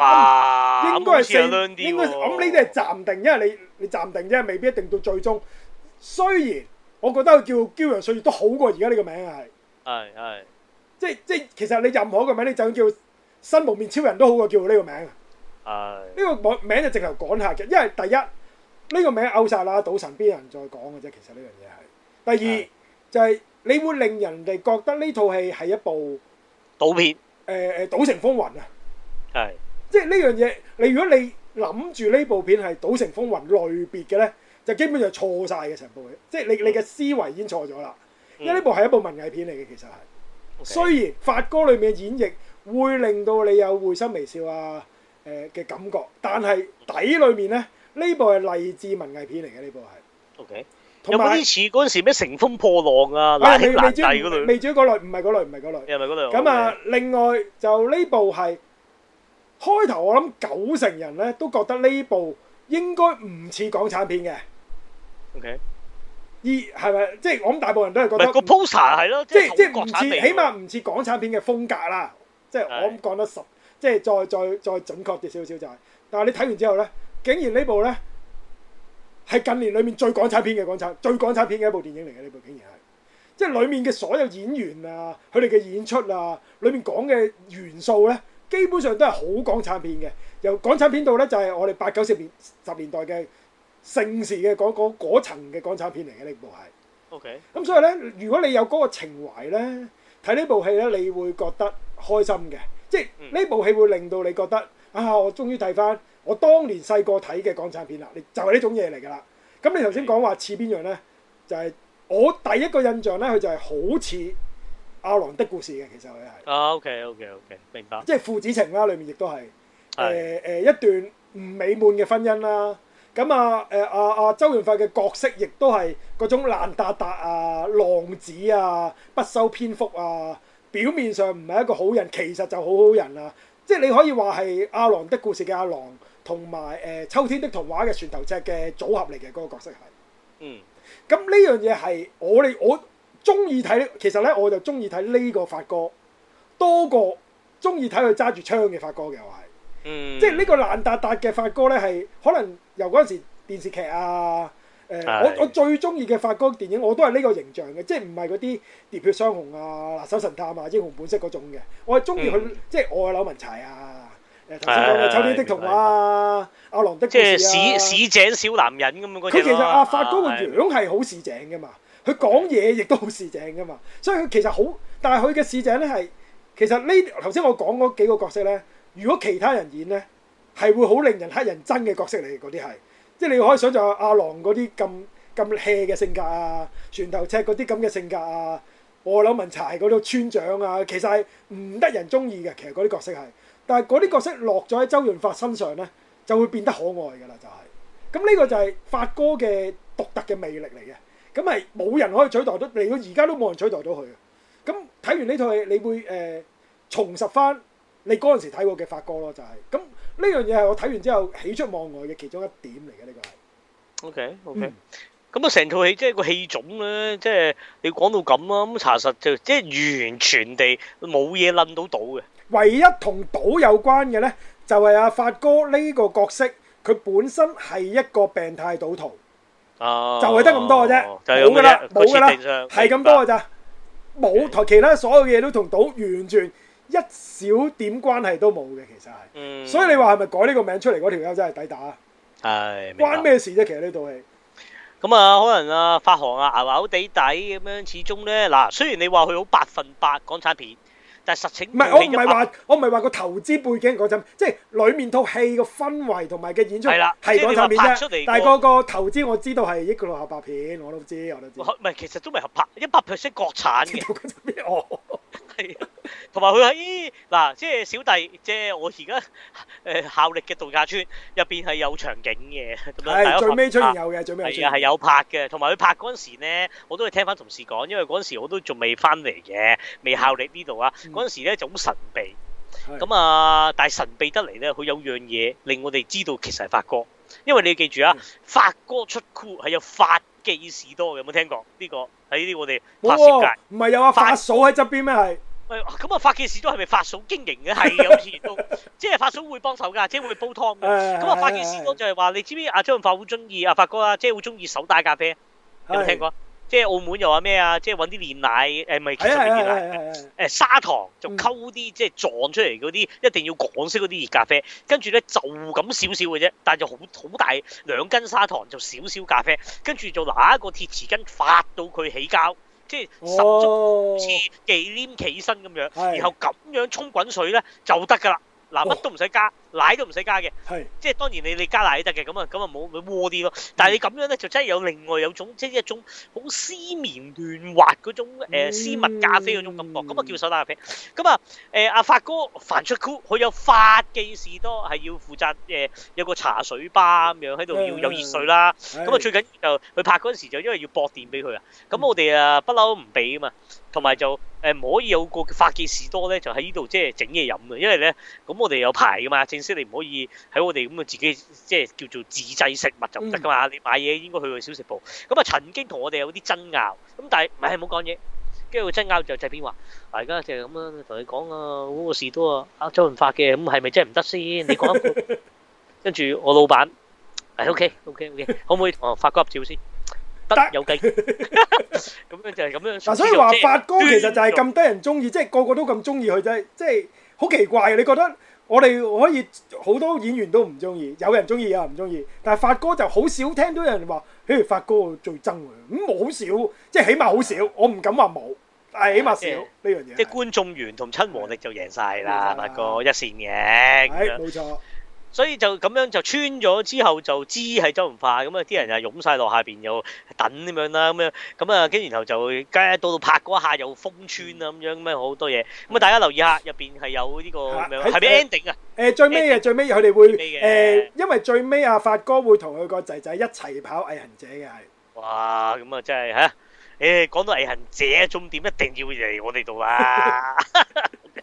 啩？應該係四，應該諗呢啲係暫定，因為你你暫定，啫，未必一定到最終。雖然我覺得叫《驕陽歲月》都好過而家呢個名係，係係是，即係即係，其實你任何一個名，你就叫《新蒙面超人》都好過叫呢個名啊！呢是是 個名就直頭講下嘅，因為第一呢、這個名 out 晒啦，賭神邊有人再講嘅啫？其實呢樣嘢係。第二就係。是是你會令人哋覺得呢套戲係一部賭片，誒誒賭城風雲啊！係是的，即係呢樣嘢，你如果你諗住呢部片係賭城風雲類別嘅咧，就基本上係錯曬嘅成部嘢。即係你、嗯、你嘅思維已經錯咗啦，因為呢部係一部文藝片嚟嘅，其實係。嗯、雖然發哥裡面嘅演繹會令到你有會心微笑啊、誒嘅、呃、感覺，但係底裡面咧，呢部係勵志文藝片嚟嘅，呢部係。嗯嗯有嗰啲似嗰陣時咩？乘風破浪啊，男起男低嗰類，未著嗰類，唔係嗰類，唔係嗰類。係咪嗰類？咁啊，另外就呢部係開頭，我諗九成人咧都覺得呢部應該唔似港產片嘅。O K。二係咪？即係我諗大部分人都係覺得個 poster 係咯，即係即係唔似，起碼唔似港產片嘅風格啦。即係我諗講得實，即係再再再準確啲少少就係。但係你睇完之後咧，竟然呢部咧～係近年裏面最港產片嘅港產，最港產片嘅一部電影嚟嘅。呢部竟然係，即、就、係、是、裡面嘅所有演員啊，佢哋嘅演出啊，裡面講嘅元素咧，基本上都係好港產片嘅。由港產片到咧就係、是、我哋八九十年十年代嘅盛世嘅港嗰層嘅港產片嚟嘅呢部係。OK，咁所以咧，如果你有嗰個情懷咧，睇呢部戲咧，你會覺得開心嘅。即係呢部戲會令到你覺得、嗯、啊，我終於睇返。我當年細個睇嘅港產片啦，你就係呢種嘢嚟㗎啦。咁你頭先講話似邊樣咧？就係、是就是、我第一個印象咧，佢就係好似《阿郎的故事》嘅。其實佢係 OK OK OK，明白即係父子情啦、啊，裏面亦都係誒誒一段唔美滿嘅婚姻啦、啊。咁啊誒阿阿周潤發嘅角色亦都係嗰種爛撻撻啊，浪子啊，不修邊幅啊，表面上唔係一個好人，其實就好好人啊。即係你可以話係《阿郎的故事》嘅阿郎。同埋誒《秋天的童話》嘅船頭尺嘅組合嚟嘅嗰個角色係，嗯，咁呢樣嘢係我哋我中意睇，其實咧我就中意睇呢個發哥多過中意睇佢揸住槍嘅發哥嘅我係，嗯，即係呢個爛達達嘅發哥咧係可能由嗰陣時電視劇啊，誒、呃是，我我最中意嘅發哥電影我都係呢個形象嘅，即係唔係嗰啲喋血雙雄啊、辣手神探啊、英雄本色嗰種嘅，我係中意佢即係我嘅柳文柴啊。誒頭先講嘅《秋天的童話、啊》是阿郎的、啊，即係市市井小男人咁樣佢、啊、其實阿發哥個樣係好市井嘅嘛，佢講嘢亦都好市井嘅嘛，Okay. 所以佢其實好。但係佢嘅市井咧係其實呢頭先我講嗰幾個角色咧，如果其他人演咧係會好令人黑人憎嘅角色嚟，嗰啲係即係你可以想象阿郎嗰啲咁咁 hea 嘅性格啊，船頭尺嗰啲咁嘅性格啊，我柳文柴嗰度村長啊，其實係唔得人中意嘅，其實嗰啲角色係。但係嗰啲角色落咗喺周潤發身上咧，就會變得可愛㗎喇，就係咁呢個就係發哥嘅獨特嘅魅力嚟嘅，咁係冇人可以取代到，嚟到而家都冇人取代到佢嘅。咁睇完呢套戲，你會誒重拾翻你嗰陣時睇過嘅發哥咯，就係咁呢樣嘢係我睇完之後喜出望外嘅其中一點嚟嘅，呢個係。O K O K，咁啊成套戲即係個戲種咧，即係你講到咁啦，咁查實就即係完全地冇嘢諗到到嘅。唯一同賭有關嘅呢，就係阿發哥呢個角色，佢本身係一個病態賭徒，哦、啊啊，就係得咁多嘅啫，冇噶啦，冇噶啦，係咁多嘅咋，冇台，其他所有嘢都同賭完全一小點關係都冇嘅，其實係，的所以你話係咪改呢個名出嚟嗰條友真係抵打？係的關咩事啫？其實呢套戲咁啊，可能啊發行啊牛好地底咁樣，始終呢。嗱，雖然你話佢好百分百港產片。雷尾雷尾尾雷尾但係實情，唔係我，唔係話我唔係話個投資背景嗰陣，即係裡面套戲個氛圍同埋嘅演出係啦了，係嗰陣面啫。但係個個投資我知道係一個六合拍片，我都知我都知。唔係其實都唔係合拍，一百 percent 國產嘅。做緊啲咩？哦，係啊。同埋佢喺，嗱、啊，即係小弟，即係我而家誒效力嘅度假村入邊係有場景嘅，係的最尾出現有嘅，最尾出現係有，有拍嘅，同埋佢拍嗰陣時咧，我都係聽翻同事講，因為嗰陣時我都仲未翻嚟嘅，未效力呢度啊。嗰陣、嗯、時咧就好神秘，咁的啊，但係神秘得嚟咧，佢有樣嘢令我哋知道其實係發哥，因為你要記住啊，發哥、嗯、出酷 o 係有發記士多嘅，有冇聽過呢、這個？喺呢啲我哋拍攝界，唔係、哦、有啊？發嫂喺側邊咩？係。咁啊，發記師哥係咪發嫂經營嘅？係，有時都即係發嫂會幫手噶，即係會煲湯嘅。咁啊，發記師哥就係話，你知唔知阿張潤發好中意阿發哥啊，即係好中意手打咖啡，am sturdy 有冇聽過啊？即係 am sturdy 澳門又話咩啊？即係揾啲煉奶，誒、欸、咪其實係煉奶，砂糖就溝啲，即係撞出嚟嗰啲一定要港式嗰啲熱咖啡，跟住咧就咁少少嘅啫，但係就好好大兩斤砂糖就少少咖啡，跟住就拿一個鐵匙羹發到佢起膠。am circulation 即係十足似忌廉起身咁樣，哦、然後咁樣沖滾水咧就得㗎啦。乜都唔使加，奶都唔使加嘅，是即係當然你你加奶得嘅，咁啊咁啊冇會糊啲咯。但係你咁樣咧，就，嗯、就真係有另外有種即係一種好絲、就是、綿嫩滑嗰種誒絲襪咖啡嗰種感覺，咁啊、嗯、叫手打咖啡。咁啊誒阿、啊啊、發哥凡出 Cool，佢有發記士多係要負責誒、呃、有個茶水吧咁樣喺度要有熱水啦。咁啊、嗯嗯、最緊就佢拍嗰陣時就因為要駁電俾佢啊，咁我哋啊不嬲唔俾啊嘛。嗯同埋就誒唔可以有個發記士多咧，就喺呢度即係整嘢飲嘅，因為咧咁我哋有牌噶嘛，正式你唔可以喺我哋咁啊自己即係叫做自製食物就唔得噶嘛。你買嘢應該去個小食部。咁、嗯、啊、嗯嗯、曾經同我哋有啲爭拗，咁但係唔係冇講嘢，跟住爭拗就製片話，大、啊、家就係咁樣，同你講啊嗰個士多啊，阿周潤發嘅咁係咪真係唔得先？你講一句，跟住 [LAUGHS] 我老闆，誒、哎、OK OK OK， [LAUGHS] 可唔可以同我發個合照先？但有計咁樣就係咁樣。嗱，所以話發哥其實就係咁得人中意，即係個個都咁中意佢，就係即係好奇怪。你覺得我哋可以好多演員都唔中意，有人中意啊，有人唔中意。但係發哥就好少聽到有人話，譬如，發哥最憎㗎。咁冇好少，即係起碼好少。我唔敢話冇，但係起碼少呢樣嘢。即係觀眾緣同親和力就贏曬啦，發哥一線贏。係冇錯。所以就咁樣就穿咗之後就知係周文化咁啊，啲人又湧晒落下邊又等咁樣啦，咁樣咁啊，跟然後就梗係到到拍嗰一下又封穿啦，咁樣咩好多嘢。咁啊，大家留意下入邊係有呢、呢個係咪 ending 啊？誒、啊、最尾嘅最尾佢哋會誒、呃，因為最尾阿發哥會同佢個仔仔一齊跑《毅、啊欸、行者》嘅係。哇！咁啊真係嚇誒，講到《毅行者》重點一定要嚟我哋度啦。 [LAUGHS]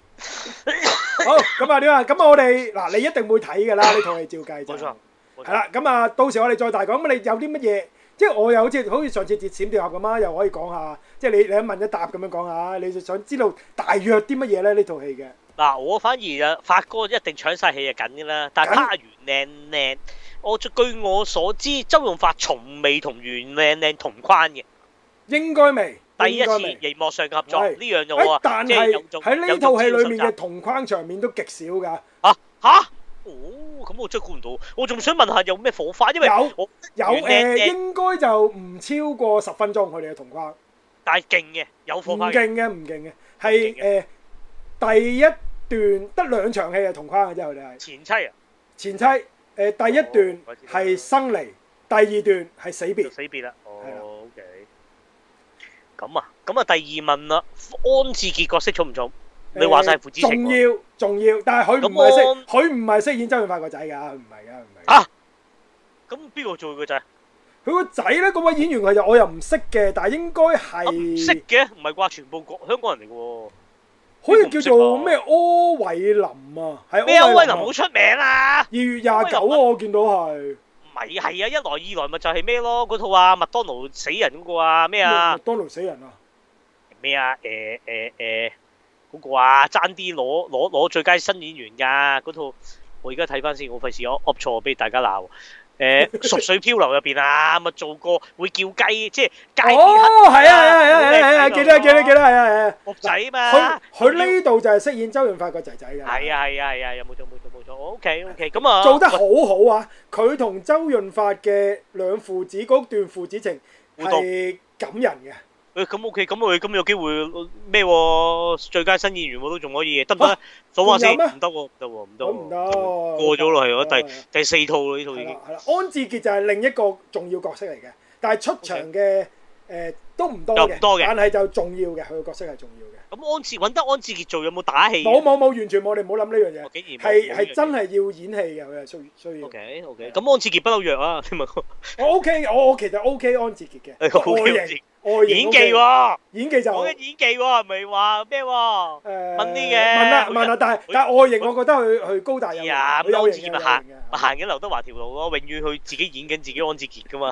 好咁啊，點啊？咁我哋嗱，你一定會睇噶啦，呢套戲照計就係啦。咁啊，到時我哋再大講。咁你有啲乜嘢？即係我又好似好似上次截錢跌落咁啊，又可以講下。即係你你一問一答咁樣講下，你就想知道大約啲乜嘢咧？呢套戲嘅嗱，我反而啊，發哥一定搶晒戲就緊噶啦。但係阿袁靚靚，我據我所知，周潤發從未同袁靚靚同框嘅，應該未。第一次熒幕上嘅合作呢樣就喎，但係喺呢套戲裏面嘅同框場面都極少㗎。吓？吓？哦，咁我真係估唔到。我仲想問下有咩火花？因為有有誒，應該就唔超過十分鐘，佢哋嘅同框。但係勁嘅，有火花，唔勁嘅，唔勁嘅，係誒第一段得兩場戲嘅同框嘅啫，佢哋係前妻啊，前妻誒第一段係生離，第二段係死別，死別啦。咁啊，咁啊，第二問啦，安志杰角色重唔重？欸、你話晒父子情、啊、重要重要，但係佢唔係識，佢唔係飾演周潤發個仔嘅，唔係噶，唔係。啊，咁邊、個做佢個仔？佢個仔咧，嗰位演員係我又唔識嘅，但係應該係、啊、識嘅，唔係啩？全部港香港人嚟嘅，好似叫做咩柯煒林啊，係柯煒林、啊、柯煒林好出名啊，二月廿九啊，我見到係。咪係啊，一來二來咪就係咩咯？嗰套啊，麥當勞死人嗰啊，咩啊？麥當勞死人啊！咩啊？誒誒誒，嗰個啊，爭啲攞攞攞最佳新演員噶嗰套，我而家睇翻先，我費事我撲錯俾大家鬧。誒， [MUSIC] 熟水漂流入面啊，咪做過會叫雞，即係街邊乞討。哦，係啊，係啊，係啊，啊，啊，記得，記得，記得，係啊，係啊，僕仔嘛，佢呢度就係飾演周潤發個仔仔嘅。係啊，係啊，係啊，有冇做？冇做？冇做 O K，O K，咁啊，做得好好啊！佢同モ、啊欸、周潤發嘅兩父子嗰段父子情係感人嘅。誒，咁 OK，咁我哋咁有機會咩？最佳新演員我都仲可以，得唔得？數下先，唔得喎，唔得喎，唔得喎，過咗咯，係喎第第四套咯，呢套已經。係啦，安志杰就係另一個重要角色嚟嘅，但係出場嘅誒都唔多嘅，但係就重要嘅，佢嘅角色係重要嘅。咁安志揾得安志杰做有冇打戲？冇冇冇，完全冇，你唔好諗呢樣嘢。係係真係要演戲嘅，需要需要。OK OK，咁安志杰不嬲弱啊，你問我。我 OK，我我其實 OK 安志杰嘅外形。演技喎，演技就我嘅演技喎，唔係話咩喎？誒問啲嘅問啦問啦，但係但係外形，我覺得佢佢高大有，佢安志傑型嘅，行緊劉德華條路咯，永遠佢自己演緊自己安志傑噶嘛，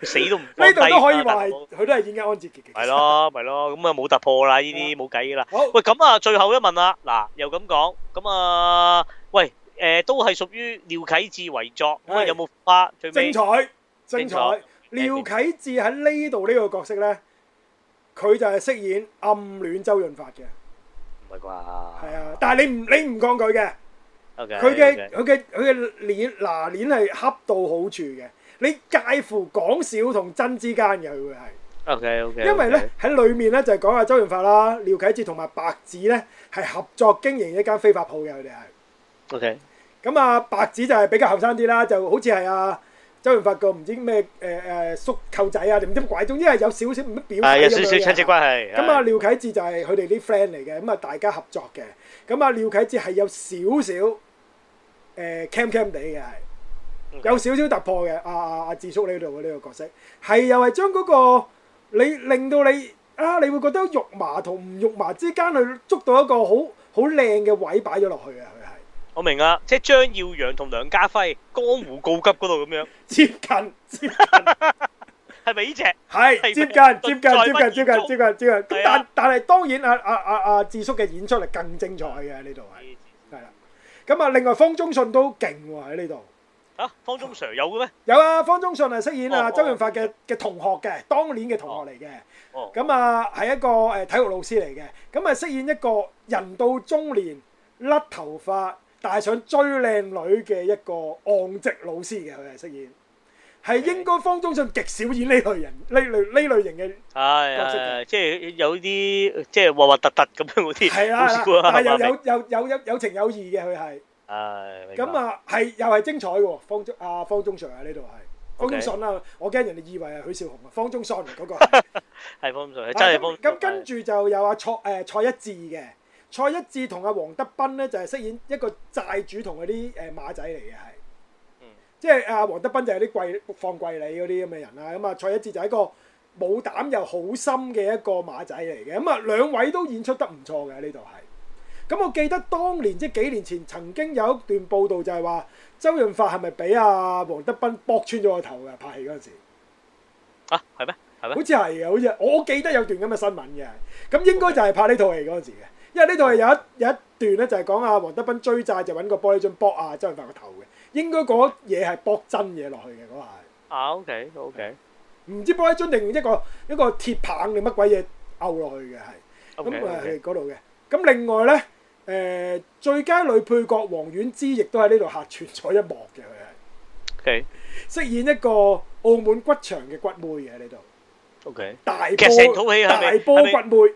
佢死都唔降低，呢度都可以話佢都係演緊安志傑。係咯，係咯，咁啊冇突破啦，呢啲冇計噶啦。喂咁啊，最後一問啦，嗱又咁講，咁啊喂誒都係屬於廖啟智遺作，咁啊有冇花？精彩，精彩。廖啟智喺呢度呢個角色咧，佢就係飾演暗戀周潤發嘅，唔係啩？係啊，但係你唔你唔抗拒嘅，OK，佢嘅佢嘅佢嘅臉拿臉係恰到好處嘅，你介乎講笑同真之間嘅佢係 OK OK，, okay. 因為咧喺裏面咧就係講下周潤發啦，廖啟智同埋白紙咧係合作經營一間非法鋪嘅佢哋係 OK，咁啊、嗯、白紙就係比較後生啲啦，就好似係阿。周潤發個唔知咩誒誒叔舅仔啊，定唔知乜鬼，總之係有少少乜表示、啊，有少少親戚關係。咁啊，廖啟智就係佢哋啲 friend 嚟嘅，咁啊，大家合作嘅。咁啊，廖啟智係有少少誒 cam cam 地嘅，係、呃嗯、有少少突破嘅。阿阿阿智叔呢度嘅呢個角色，係又係將嗰個你令到你啊，你會覺得肉麻同唔肉麻之間去捉到一個好好靚嘅位擺咗落去啊！我明啊，即係張耀揚同梁家輝江湖告急嗰度咁樣接近，接近係咪呢隻？係、 [LAUGHS] 這個、接近，接近，接近，接近，接近，接近。咁、啊、但但係當然啊啊啊啊智叔嘅演出嚟更精彩嘅喺呢度係係啦。咁啊,啊，另外方中信都勁喎喺呢度啊。方中信有嘅咩？有啊，方中信係飾演啊、哦、周潤發嘅嘅、哦、同學嘅，當年嘅同學嚟嘅。哦。咁啊、哦，係、哦、一個誒體育老師嚟嘅。咁啊，飾演一個人到中年甩頭髮。但係想追靚女嘅一個按職老師嘅佢係飾演，係應該方中信極少演呢類人呢類呢類型嘅，係即係有啲即係核核突突咁樣嗰啲，係啦，係有有有有有情有義嘅佢係。係咁啊，係又係精彩嘅方中啊，方中信喺呢度係。方中信啊，我驚人哋以為係許紹雄啊，方中信嗰個。係方中信，真係方。咁跟住就有阿蔡誒蔡一智嘅。蔡一智同阿黃德斌咧就係飾演一個債主同嗰啲誒馬仔嚟嘅，係，嗯，即係阿黃德斌就係啲貴放貴利嗰啲咁嘅人啦，咁啊蔡一智就係一個冇膽又好心嘅一個馬仔嚟嘅，咁啊兩位都演出得唔錯嘅呢度係，咁我記得當年即係幾年前曾經有一段報導就係話周潤發係咪俾阿黃德斌駁穿咗個頭嘅拍戲嗰陣時啊，啊係咩係咩好似係嘅，好似我記得有段咁嘅新聞嘅，咁應該就係拍呢套戲嗰陣時嘅。因為呢度係有一有一段咧，就係講阿黃德斌追債就揾個玻璃樽搏啊周潤發個頭嘅，應該嗰嘢係搏真嘢落去嘅嗰下。啊，OK OK，唔知玻璃樽定一個一個鐵棒定乜鬼嘢勾落去嘅係，咁啊係嗰度嘅。咁 Okay, okay.、嗯、另外咧，誒、呃、最佳女配角王菀之亦都喺呢度客串咗一幕嘅，佢係，飾 Okay. 演一個澳門骨場嘅骨妹嘅喺呢度。OK，大波其實成套戲，骨妹係咪係咪？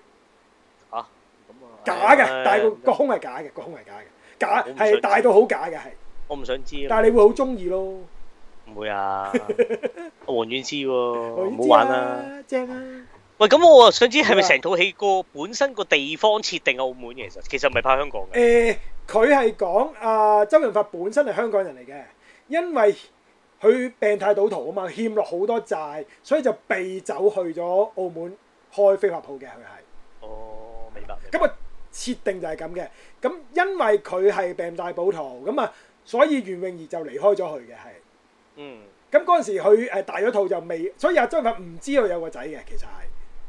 假嘅，但係個個胸係假嘅，個胸係假嘅，假係大到好假嘅，係。我唔想知。但係你會好中意咯。唔會啊，王菀之喎，唔好，啊，玩啦，啊，正啊。喂，咁我想知係咪成套戲個本身個地方設定澳門其實？其實其實唔係拍香港嘅。誒，欸，佢係講阿周潤發本身係香港人嚟嘅，因為佢病態賭徒啊嘛，欠落好多債，所以就避走去咗澳門開非法鋪嘅，佢係。哦，明白。咁啊。設定就係咁嘅，咁因為佢係病態賭徒，咁啊，所以袁詠儀就離開咗佢嘅，係。嗯。咁嗰陣時佢誒大咗肚就未，所以阿周潤發唔知佢有個仔嘅，其實係。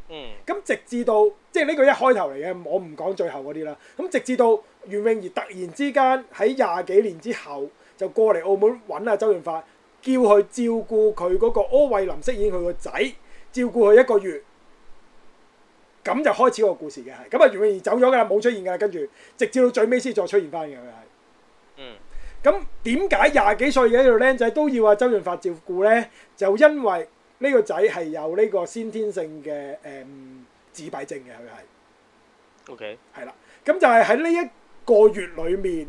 嗯。咁直至到，即係呢個一開頭嚟嘅，我唔講最後嗰啲啦。咁直至到袁詠儀突然之間喺廿幾年之後就過嚟澳門揾阿周潤發，叫佢照顧佢嗰個柯煒林飾演佢個仔，照顧佢一個月。咁就開始個故事嘅係，咁啊袁詠儀走咗噶啦，冇出現噶啦，跟住直至到最尾先再出現翻嘅佢係，嗯，咁點解廿幾歲嘅呢個僆仔都要阿周潤發照顧咧？就因為呢個仔係有呢個先天性嘅誒、嗯、自閉症嘅佢係，O K，係啦，咁 Okay. 就係喺呢一個月裏面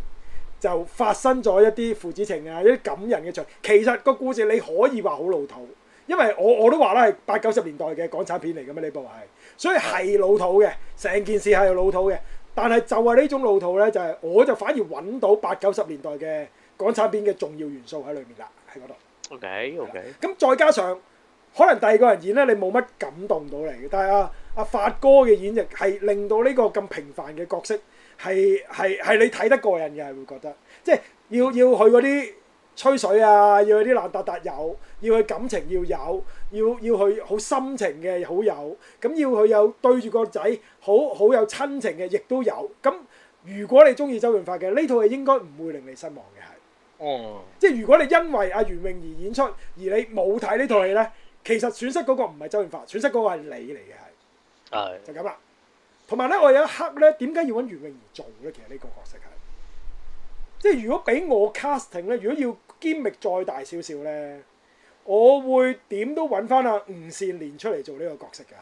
就發生咗一啲父子情啊，一啲感人嘅場。其實個故事你可以話好老土，因為我我都話啦係八九十年代嘅港產片嚟嘅嘛。呢部係。所以係老土嘅，成件事係老土嘅。但係就係呢種老土咧，就係、是、我就反而揾到八九十年代嘅港產片嘅重要元素喺裏面啦，喺嗰度。OK OK。咁再加上可能第二個人演咧，你冇乜感動到嚟嘅。但係阿阿發哥嘅演繹係令到呢個咁平凡嘅角色，係係係你睇得過癮嘅，係會覺得即係要要去嗰啲吹水啊，要去啲爛達達有，要去感情要有。要要佢好深情嘅好友，咁要佢有對住個仔好好有親情嘅，亦都有。咁如果你中意周潤發嘅呢套戲，應該唔會令你失望嘅，係。哦、嗯。即係如果你因為阿袁詠儀演出，而你冇睇呢套戲咧，其實損失嗰個唔係周潤發，損失嗰個係你嚟嘅，係。係、嗯。就咁啦。同埋咧，我有一刻咧，點解要揾袁詠儀做咧？其實呢個角色係。即係如果俾我 casting 咧，如果，casting，如果要堅力再大少少咧。我會點都揾翻阿吳倩蓮出嚟做呢個角色嘅、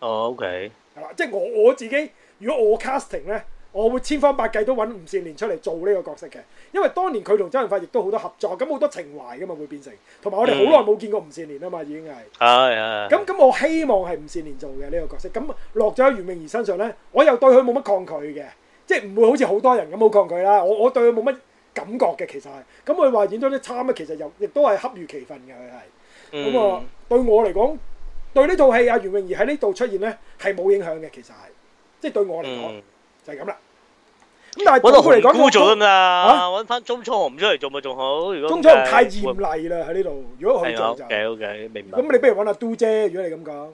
oh, okay.OK，係啦，即係我我自己，如果我 casting 咧，我會千方百計都揾吳倩蓮出嚟做呢個角色嘅。因為當年佢同周潤發亦都好多合作，咁好多情懷噶嘛會變成，同埋我哋好耐冇見過吳倩蓮啊嘛已經係。係啊、mm. 咁咁、oh, yeah, yeah, yeah. 我希望係吳倩蓮做嘅呢、呢個角色。咁落咗喺袁詠儀身上咧，我又對佢冇乜抗拒嘅，即係唔會好似好多人咁好抗拒啦。我我，我對佢冇乜。感覺嘅其實係，咁佢話演咗啲差咧，其實又亦都係恰如其分嘅佢係，咁啊對我嚟講，對呢套戲阿袁詠儀喺呢度出現咧係冇影響嘅，其實係，即係、嗯嗯、對我嚟講、嗯、就係咁啦。咁但係嗰套嚟講孤咗啦，揾翻鍾楚紅、啊、出嚟做咪仲好？鍾楚紅太嚴厲啦喺呢度，如果，喂如果可以就就 OK OK 明白。咁你不如揾阿 Do 姐，如果你咁講。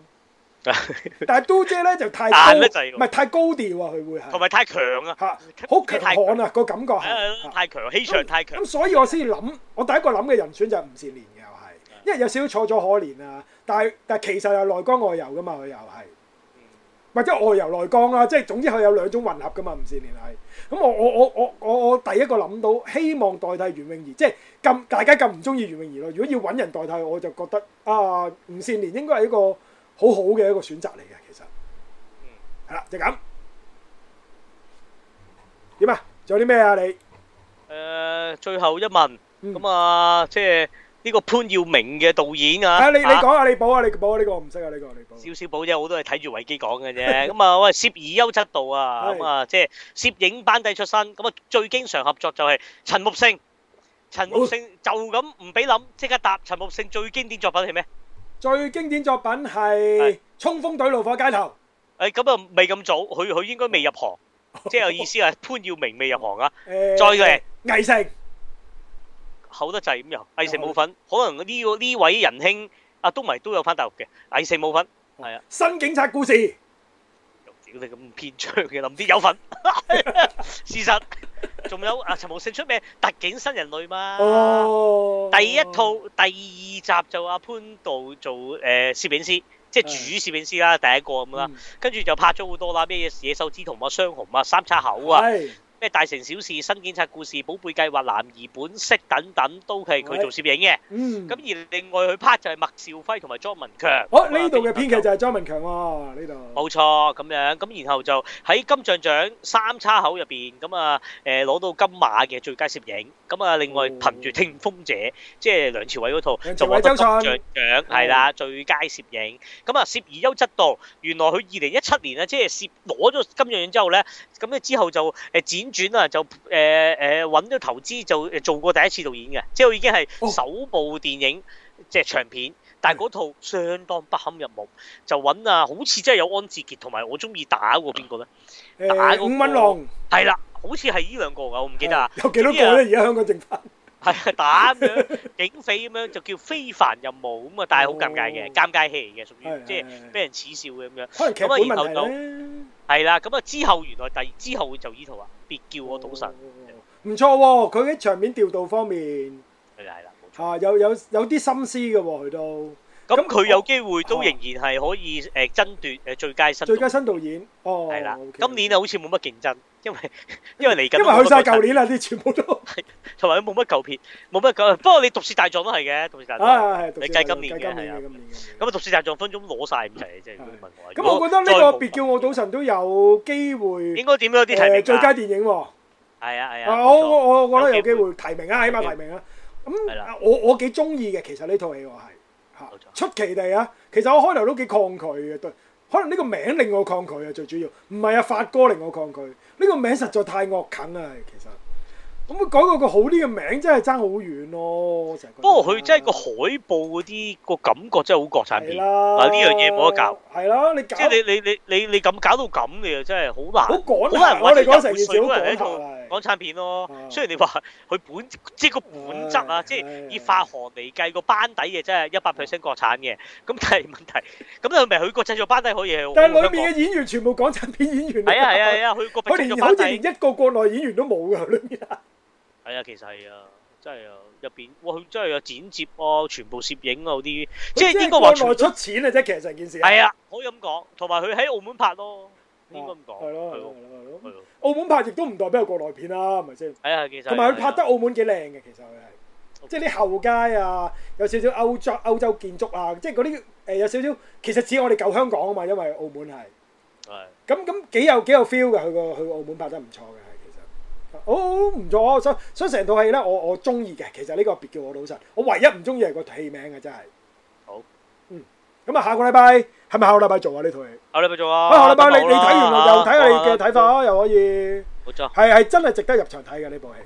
[LAUGHS] 但係都姐咧就太高，唔係 [LAUGHS] 太高調啊！佢會係同埋太強啊，吓好強悍啊強個感覺係太強，氣場太強。咁所以我先至諗，我第一個諗嘅人選就係吳善蓮嘅，又係，因為有少少錯咗可憐啊。但係但係其實又係內剛外柔噶嘛，佢又係，或者外柔內剛啦，即係總之佢有兩種混合噶嘛。吳善蓮係咁，我我我我我我第一個諗到希望代替袁詠儀，即係咁大家咁唔中意袁詠儀咯。如果要搵人代替，我就覺得啊，吳善蓮應該係一個。好好嘅一個選擇嚟嘅，其實，嗯，係啦，就咁點啊？仲有啲咩啊？你，誒，最後一問，咁啊，即係呢個潘耀明嘅導演啊，係啊，你你講下你補啊，你補啊，呢個我唔識啊，呢個你補。少少補啫，我都係睇住維基講嘅啫。咁啊，喂，攝而優則導啊，咁啊，即係攝影班底出身，咁啊，最經常合作就係陳木勝，陳木勝就咁唔俾諗，即刻答，陳木勝最經典作品係咩？最經典作品係《衝鋒隊怒火街頭》。誒，咁啊未咁早，佢佢應該未入行，即係意思係潘耀明未入行啊。再嚟，魏成厚得滯咁樣，魏成冇份。可能呢個呢位仁兄阿都唔係都有翻大陸嘅，魏成冇份。係啊，新警察故事。屌你咁偏長嘅，諗啲有份。事實。仲 [LAUGHS] [LAUGHS] 有啊陳木勝出名，《特警新人類》嘛，oh! 第一套第二集就阿潘道做誒攝、呃、影師，即係主攝影師啦，mm. 第一個咁啦，跟住就拍咗好多啦，咩野獸之瞳啊、雙雄啊、三岔口啊。Hey. 咩大城小事、新警察故事、寶貝計劃、男兒本色等等，都係佢做攝影嘅。嗯，咁而另外佢 part 就係麥兆輝同埋莊文強。哦，呢度嘅編劇就係莊文強喎，呢度。冇錯，咁樣咁，然後就喺金像獎三叉口入邊，咁啊誒攞到金馬嘅最佳攝影。咁啊，另外憑住《聽風者》，即係梁朝偉嗰套，就攞到金像獎，係啦，最佳攝影。咁啊，攝而優則導，原來佢二零一七年啊，即係攝攞咗金像獎之後咧，咁咧之後就誒剪。轉啊就誒誒揾咗投資就做過第一次導演嘅，即係已經係首部電影，即係長片，但係嗰套相當不堪入目。就揾啊，好似真係有安志杰同埋我中意打過邊個咧，打嗰個係啦，好似係呢兩個噶，我唔記得啦。有幾多個咧？而家香港剩翻，係打咁樣警匪咁樣，就叫非凡任務。咁啊，但係好尷尬嘅，尷尬戲嚟嘅，屬於即係俾人恥笑咁樣。咁啊，然後到。係啦，咁啊之後，原來第之後就呢套啊，別叫我賭神，唔、哦、的錯喎、哦，佢喺場面調度方面，係啦係啦，冇錯、啊、有有有啲心思嘅喎、哦，佢都。咁佢有機會都仍然係可以誒爭奪誒最佳新最佳新導演哦，係啦，今年好似冇乜競爭，因為因為嚟緊因為去晒舊年啦，啲全部都同埋佢冇乜舊片，冇乜舊。不過你《毒舌大狀》都係嘅，《毒舌大狀》你計今年嘅係今年，咁啊，《毒舌大狀》分鍾攞曬咁滯，即係如果問我，咁我覺得呢個別叫我賭神都有機會，應該點都有啲提名最佳電影喎，係啊係啊，我我覺得有機會提名啊，起碼提名啊。咁我我幾中意嘅，其實呢套戲我係。出奇地啊，其實我開頭都幾抗拒嘅，對，可能呢個名令我抗拒啊，最主要唔係啊，發哥令我抗拒，呢個名實在太惡啃啊，其實。咁改個個好啲嘅名，真係爭好遠咯！不過佢真係個海報嗰啲個感覺真係好國產片。嗱呢樣嘢冇得搞，係咯，你即係你你你你你咁搞到咁嘅，真係好難。好趕啊！好難揾成少人一個港產片咯。雖然你話佢本即係個本質啊，即係以化學嚟計，個班底嘅真係一百 percent 國產嘅。咁但係問題，咁又咪佢個製作班底可以喎？但係裏面嘅演員全部港產片演員。係啊係啊係啊！佢個佢連好似連一個國內演員都冇㗎，裏面。係啊，其實係啊，真係啊，入邊哇，佢真係有剪接啊，全部攝影啊，有啲即係應該話國內出錢啊，啫，其實成件事係啊，可以咁講，同埋佢喺澳門拍咯，應該咁講，係咯，係咯，係咯，澳門拍亦都唔代表國內片啦，係咪先？係啊，其實同埋佢拍得澳門幾靚嘅，其實佢係即係啲後街啊，有少少歐洲歐洲建築啊，即係嗰啲誒有少少，其實似我哋舊香港啊嘛，因為澳門係係咁咁幾有幾有 feel 噶，佢個去澳門拍得唔錯嘅。哦，好唔錯，所所以成套戲咧，我我中意嘅。其實呢個別叫我老實，我唯一唔中意係個戲名嘅真係。好，嗯，咁啊，是是下個禮拜係咪下個禮拜做啊？呢套戲下禮拜做啊。喂，下禮拜你你睇完又睇下你嘅睇法啊，又可以。冇錯，啊，係係真係值得入場睇嘅呢部戲。